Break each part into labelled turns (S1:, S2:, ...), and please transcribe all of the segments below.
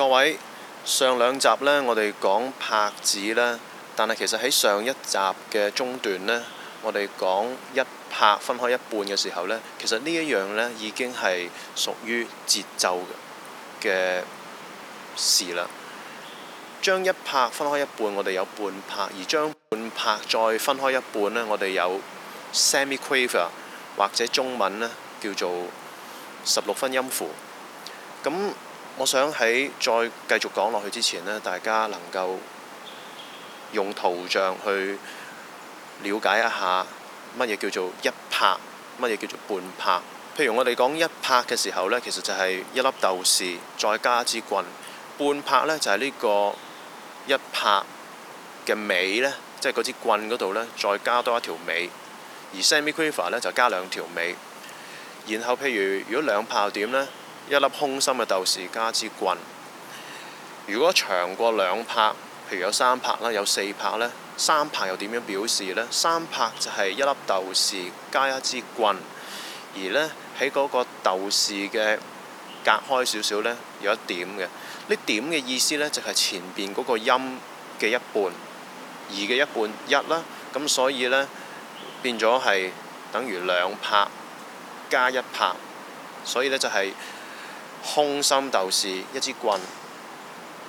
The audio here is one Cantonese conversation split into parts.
S1: 各位，上兩集呢，我哋講拍子呢，但係其實喺上一集嘅中段呢，我哋講一拍分開一半嘅時候呢，其實呢一樣呢已經係屬於節奏嘅事啦。將一拍分開一半，我哋有半拍；而將半拍再分開一半呢，我哋有 semiquaver，或者中文呢叫做十六分音符。咁我想喺再繼續講落去之前呢，大家能夠用圖像去了解一下乜嘢叫做一拍，乜嘢叫做半拍。譬如我哋講一拍嘅時候呢，其實就係一粒豆豉再加支棍；半拍呢，就係、是、呢個一拍嘅尾呢，即係嗰支棍嗰度呢，再加多一條尾。而 semiquaver 呢，就加兩條尾。然後譬如如果兩拍點呢？一粒空心嘅豆豉加支棍。如果長過兩拍，譬如有三拍啦，有四拍呢，三拍又點樣表示呢？三拍就係一粒豆豉加一支棍，而呢，喺嗰個豆豉嘅隔開少少呢，有一點嘅。呢點嘅意思呢，就係、是、前邊嗰個音嘅一半，二嘅一半一啦。咁所以呢，變咗係等於兩拍加一拍，所以呢，就係、是。空心豆豉一支棍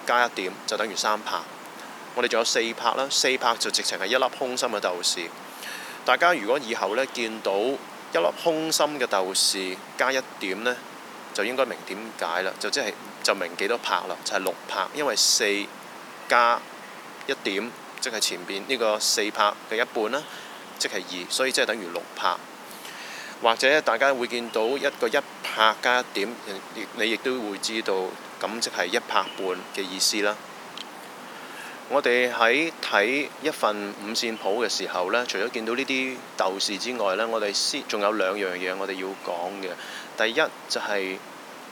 S1: 加一點就等於三拍，我哋仲有四拍啦，四拍就直情係一粒空心嘅豆豉。大家如果以後呢，見到一粒空心嘅豆豉加一點呢，就應該明點解啦，就即係就明幾多拍啦，就係六拍，因為四加一點即係前邊呢個四拍嘅一半啦，即係二，所以即係等於六拍。或者大家會見到一個一。拍加點，亦你亦都會知道，咁即係一拍半嘅意思啦。我哋喺睇一份五線譜嘅時候呢，除咗見到呢啲豆豉之外呢，我哋先仲有兩樣嘢我哋要講嘅。第一就係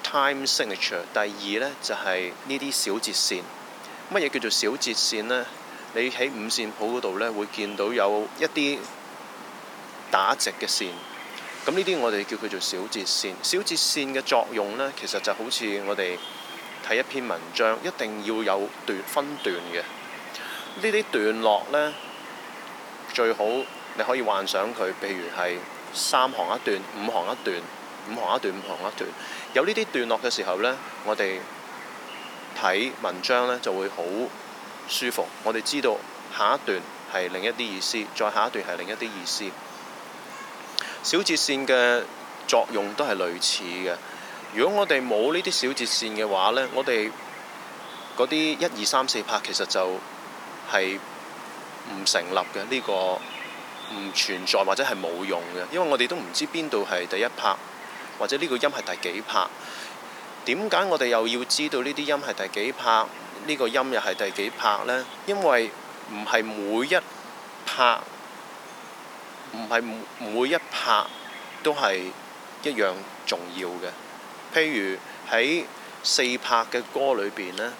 S1: time signature，第二呢就係呢啲小節線。乜嘢叫做小節線呢？你喺五線譜嗰度呢，會見到有一啲打直嘅線。咁呢啲我哋叫佢做小節線。小節線嘅作用呢，其實就好似我哋睇一篇文章，一定要有段分段嘅。呢啲段落呢，最好你可以幻想佢，譬如係三行一段，五行一段，五行一段，五行一段。有呢啲段落嘅時候呢，我哋睇文章呢就會好舒服。我哋知道下一段係另一啲意思，再下一段係另一啲意思。小節線嘅作用都係類似嘅。如果我哋冇呢啲小節線嘅話呢，我哋嗰啲一二三四拍其實就係唔成立嘅。呢個唔存在或者係冇用嘅，因為我哋都唔知邊度係第一拍，或者呢個音係第幾拍。點解我哋又要知道呢啲音係第幾拍？呢個音又係第幾拍呢？因為唔係每一拍。唔係每一拍都係一樣重要嘅。譬如喺四拍嘅歌裏邊呢，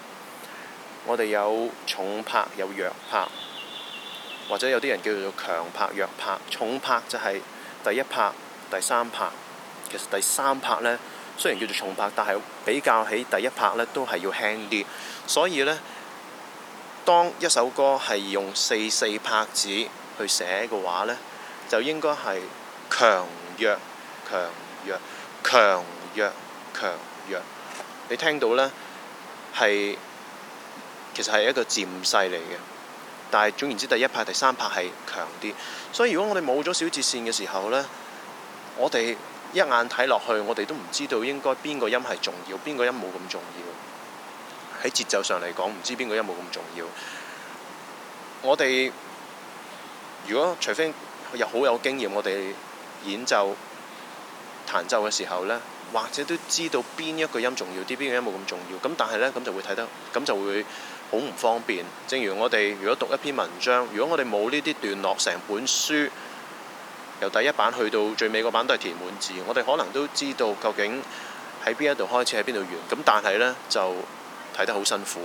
S1: 我哋有重拍有弱拍，或者有啲人叫做做強拍弱拍。重拍就係第一拍、第三拍。其實第三拍呢，雖然叫做重拍，但係比較起第一拍呢，都係要輕啲。所以呢，當一首歌係用四四拍子去寫嘅話呢。就應該係強弱、強弱、強弱、強弱。你聽到呢，係其實係一個漸勢嚟嘅，但係總言之，第一拍、第三拍係強啲。所以如果我哋冇咗小節線嘅時候呢，我哋一眼睇落去，我哋都唔知道應該邊個音係重要，邊個音冇咁重要。喺節奏上嚟講，唔知邊個音冇咁重要。我哋如果除非又好有經驗，我哋演奏彈奏嘅時候呢，或者都知道邊一個音重要啲，邊個音冇咁重要。咁但係呢，咁就會睇得，咁就會好唔方便。正如我哋如果讀一篇文章，如果我哋冇呢啲段落，成本書由第一版去到最尾嗰版都係填滿字，我哋可能都知道究竟喺邊一度開始，喺邊度完。咁但係呢，就睇得好辛苦。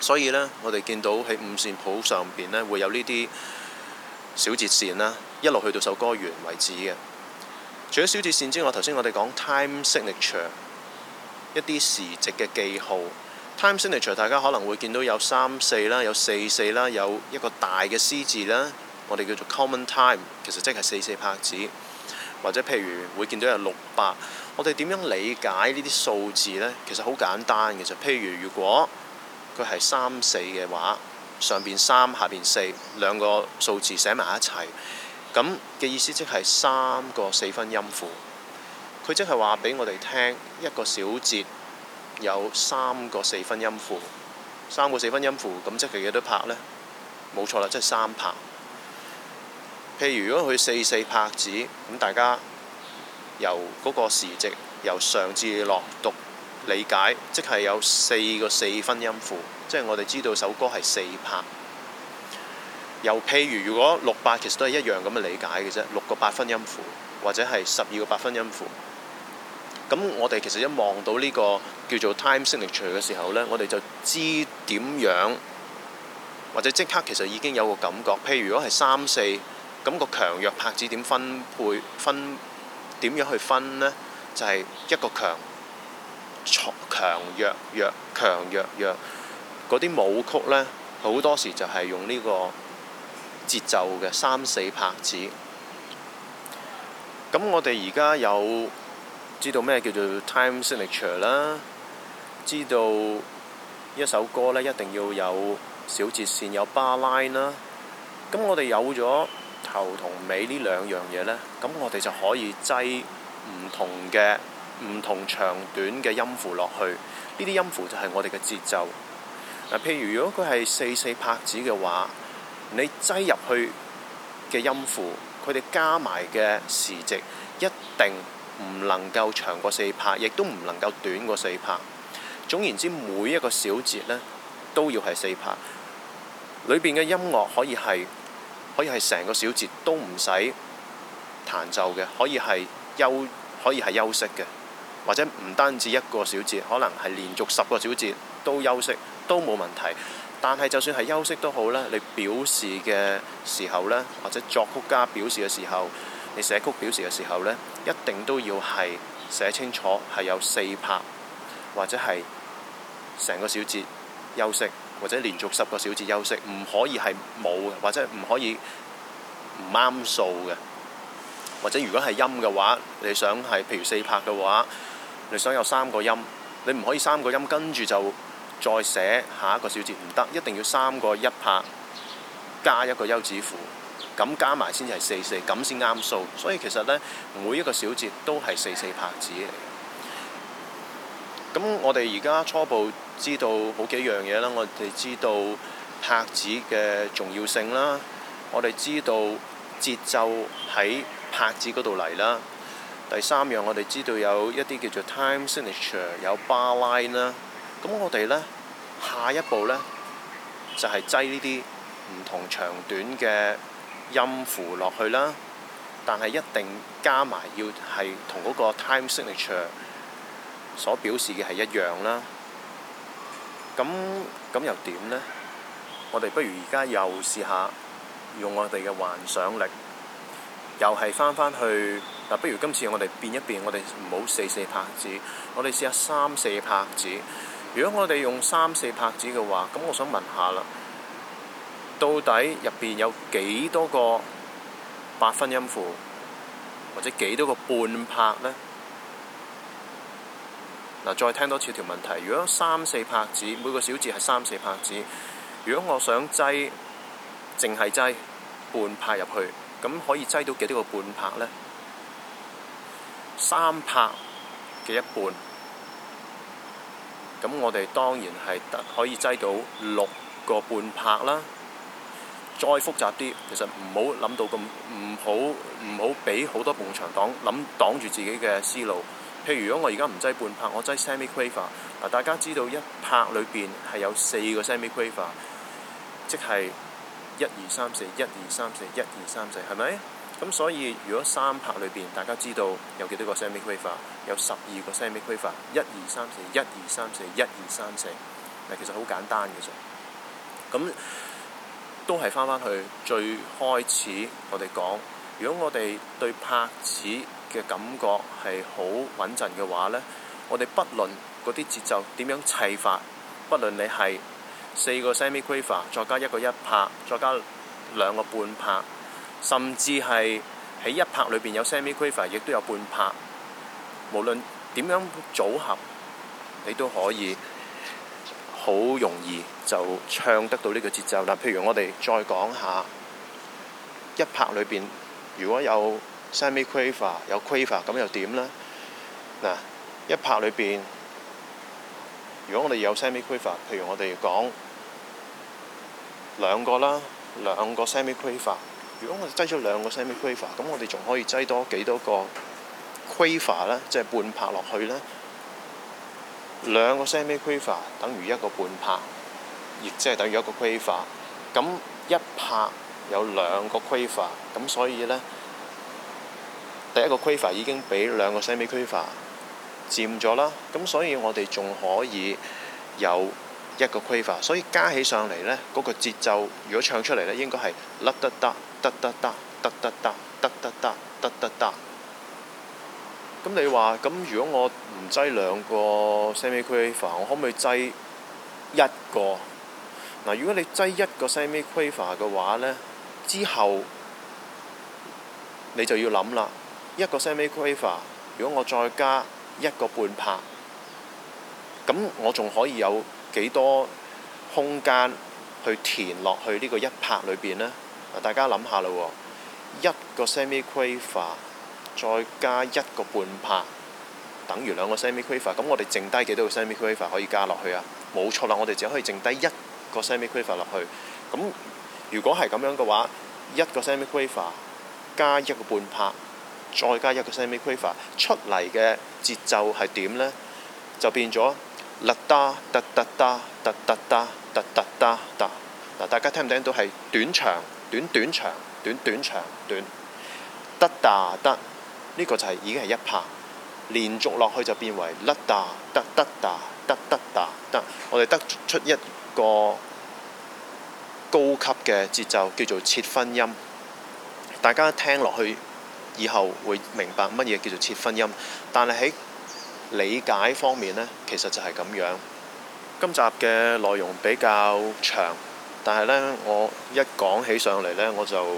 S1: 所以呢，我哋見到喺五線譜上邊呢，會有呢啲。小節線啦，一路去到首歌完為止嘅。除咗小節線之外，頭先我哋講 time signature 一啲時值嘅記號，time signature 大家可能會見到有三四啦，有四四啦，有一個大嘅 C 字啦，我哋叫做 common time，其實即係四四拍子，或者譬如會見到有六八，我哋點樣理解呢啲數字呢？其實好簡單嘅，就譬如如果佢係三四嘅話。上邊三下邊四兩個數字寫埋一齊，咁嘅意思即係三個四分音符。佢即係話俾我哋聽，一個小節有三個四分音符，三個四分音符，咁即係幾多拍呢？冇錯啦，即係三拍。譬如如果佢四四拍子，咁大家由嗰個時值由上至落讀。理解即係有四個四分音符，即係我哋知道首歌係四拍。又譬如如果六八其實都係一樣咁嘅理解嘅啫，六個八分音符或者係十二個八分音符。咁我哋其實一望到呢個叫做 time signature 嘅時候咧，我哋就知點樣，或者即刻其實已經有個感覺，譬如如果係三四，咁個強弱拍子點分配分點樣去分咧？就係一個強。強弱弱，強弱弱，嗰啲舞曲呢，好多時就係用呢個節奏嘅三四拍子。咁我哋而家有知道咩叫做 time signature 啦，知道一首歌呢，一定要有小節線，有 bar line 啦。咁我哋有咗頭同尾呢兩樣嘢呢，咁我哋就可以擠唔同嘅。唔同長短嘅音符落去，呢啲音符就係我哋嘅節奏。嗱、啊，譬如如果佢係四四拍子嘅話，你擠入去嘅音符，佢哋加埋嘅時值一定唔能夠長過四拍，亦都唔能夠短過四拍。總言之，每一個小節呢都要係四拍。裏邊嘅音樂可以係可以係成個小節都唔使彈奏嘅，可以係休可以係休，休息嘅。或者唔單止一個小節，可能係連續十個小節都休息都冇問題。但係就算係休息都好啦，你表示嘅時候呢，或者作曲家表示嘅時候，你寫曲表示嘅時候呢，一定都要係寫清楚係有四拍，或者係成個小節休息，或者連續十個小節休息，唔可以係冇嘅，或者唔可以唔啱數嘅。或者如果係音嘅話，你想係譬如四拍嘅話。你想有三個音，你唔可以三個音跟住就再寫下一個小節，唔得，一定要三個一拍加一個休止符，咁加埋先至係四四，咁先啱數。所以其實呢，每一個小節都係四四拍子嚟。咁我哋而家初步知道好幾樣嘢啦，我哋知道拍子嘅重要性啦，我哋知道節奏喺拍子嗰度嚟啦。第三樣，我哋知道有一啲叫做 time signature 有 bar line 啦，咁我哋呢，下一步呢，就係擠呢啲唔同長短嘅音符落去啦，但係一定加埋要係同嗰個 time signature 所表示嘅係一樣啦。咁咁又點呢？我哋不如而家又試下用我哋嘅幻想力。又係返返去，嗱，不如今次我哋變一變，我哋唔好四四拍子，我哋試下三四拍子。如果我哋用三四拍子嘅話，咁我想問下啦，到底入邊有幾多個八分音符，或者幾多個半拍呢？嗱，再聽多次條問題。如果三四拍子，每個小節係三四拍子，如果我想擠，淨係擠半拍入去。咁可以擠到幾多個半拍呢？三拍嘅一半，咁我哋當然係得可以擠到六個半拍啦。再複雜啲，其實唔好諗到咁，唔好唔好俾好多埲牆擋，諗擋住自己嘅思路。譬如如果我而家唔擠半拍，我擠 semi quaver。嗱 qu，大家知道一拍裏邊係有四個 semi quaver，即係。一二三四，一二三四，一二三四，係咪？咁所以如果三拍裏邊，大家知道有幾多個 semiquaver？有十二個 semiquaver，一二三四，一二三四，一二三四。嗱，其實好簡單嘅啫。咁都係翻翻去最開始我哋講。如果我哋對拍子嘅感覺係好穩陣嘅話呢，我哋不論嗰啲節奏點樣砌法，不論你係。四個 semi quaver，再加一個一拍，再加兩個半拍，甚至係喺一拍裏邊有 semi quaver，亦都有半拍。無論點樣組合，你都可以好容易就唱得到呢個節奏啦。譬如我哋再講下一拍裏邊，如果有 semi quaver 有 quaver，咁又點咧？嗱，一拍裏邊，如果我哋有 semi quaver，譬如我哋講。兩個啦，兩個 semi quaver。Qu 如果我哋擠咗兩個 semi quaver，咁我哋仲可以擠多幾多個 quaver 咧？即係半拍落去咧，兩個 semi quaver 等於一個半拍，亦即係等於一個 quaver。咁一拍有兩個 quaver，咁所以咧，第一個 quaver 已經畀兩個 semi quaver 佔咗啦。咁所以我哋仲可以有。一個 quaver，所以加起上嚟呢嗰個節奏如果唱出嚟呢應該係得得得得得得得得得得得得得。咁你話咁，如果我唔擠兩個 semi q u a 我可唔可以擠一個？嗱，如果你擠一個 semi q u a 嘅話呢，之後你就要諗啦，一個 semi quaver，如果我再加一個半拍，咁我仲可以有？幾多空間去填落去呢個一拍裏邊呢？大家諗下嘞喎，一個 semi quaver 再加一個半拍，等於兩個 semi quaver。咁我哋剩低幾多個 semi quaver 可以加落去啊？冇錯啦，我哋只可以剩低一個 semi quaver 落去。咁如果係咁樣嘅話，一個 semi quaver 加一個半拍，再加一個 semi quaver，出嚟嘅節奏係點呢？就變咗。粒嗒嗒嗒嗒嗒嗒嗒嗒嗒嗒，嗱，大家聽唔聽到係短長短短長短短長短，得嗒，呢個就係、是、已經係一拍，連續落去就變為粒嗒嗒嗒嗒嗒嗒嗒，嗯、我哋得出一個高級嘅節奏叫做切分音，大家聽落去以後會明白乜嘢叫做切分音，但係喺理解方面呢，其實就係咁樣。今集嘅內容比較長，但係呢，我一講起上嚟呢，我就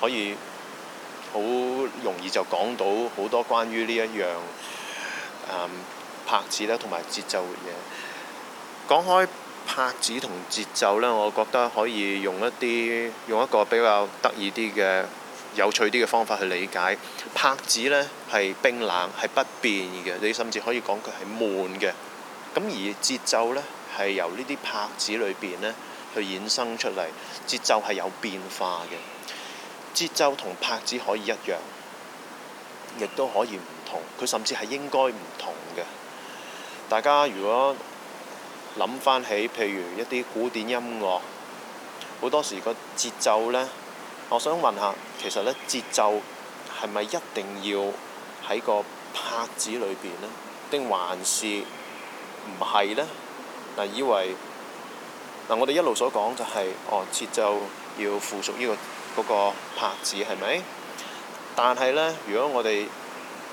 S1: 可以好容易就講到好多關於呢一樣、嗯、拍子呢，同埋節奏嘅嘢。講開拍子同節奏呢，我覺得可以用一啲用一個比較得意啲嘅，有趣啲嘅方法去理解，拍子呢係冰冷，係不變嘅，你甚至可以講佢係悶嘅。咁而節奏呢係由呢啲拍子裏邊呢去衍生出嚟，節奏係有變化嘅。節奏同拍子可以一樣，亦都可以唔同。佢甚至係應該唔同嘅。大家如果諗翻起，譬如一啲古典音樂，好多時個節奏呢。我想問下，其實咧節奏係咪一定要喺個拍子裏邊咧？定還是唔係咧？嗱，以為嗱我哋一路所講就係哦節奏要附屬於個嗰個拍子係咪？但係咧，如果我哋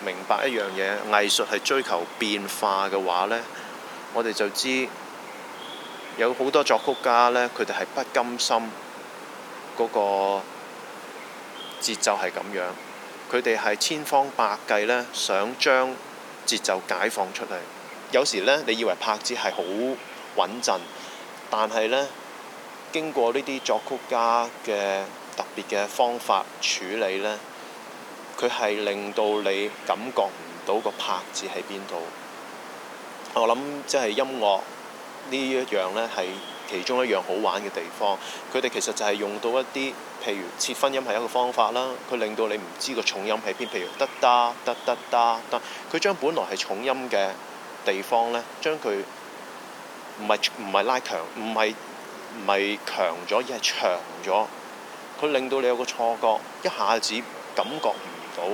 S1: 明白一樣嘢，藝術係追求變化嘅話咧，我哋就知有好多作曲家咧，佢哋係不甘心嗰個。節奏係咁樣，佢哋係千方百計呢，想將節奏解放出嚟。有時呢，你以為拍子係好穩陣，但係呢，經過呢啲作曲家嘅特別嘅方法處理呢，佢係令到你感覺唔到個拍子喺邊度。我諗即係音樂呢一樣呢，係其中一樣好玩嘅地方。佢哋其實就係用到一啲。譬如切分音係一個方法啦，佢令到你唔知個重音喺邊，譬如得得得得得，佢將本來係重音嘅地方咧，將佢唔係唔係拉強，唔係唔係強咗，而係長咗。佢令到你有個錯覺，一下子感覺唔到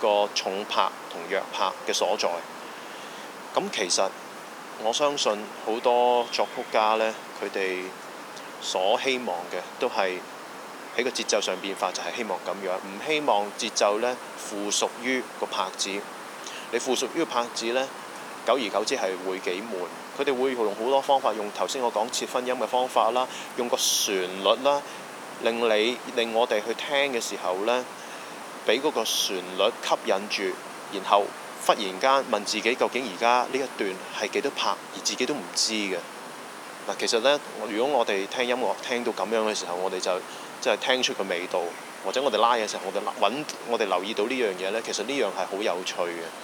S1: 個重拍同弱拍嘅所在。咁其實我相信好多作曲家咧，佢哋所希望嘅都係。喺個節奏上變化就係希望咁樣，唔希望節奏呢附屬於個拍子。你附屬於拍子呢，久而久之係會幾悶。佢哋會用好多方法，用頭先我講切分音嘅方法啦，用個旋律啦，令你令我哋去聽嘅時候呢，俾嗰個旋律吸引住，然後忽然間問自己究竟而家呢一段係幾多拍，而自己都唔知嘅。嗱，其實呢，如果我哋聽音樂聽到咁樣嘅時候，我哋就～即係聽出個味道，或者我哋拉嘢時候，我哋搵我哋留意到呢樣嘢咧，其實呢樣係好有趣嘅。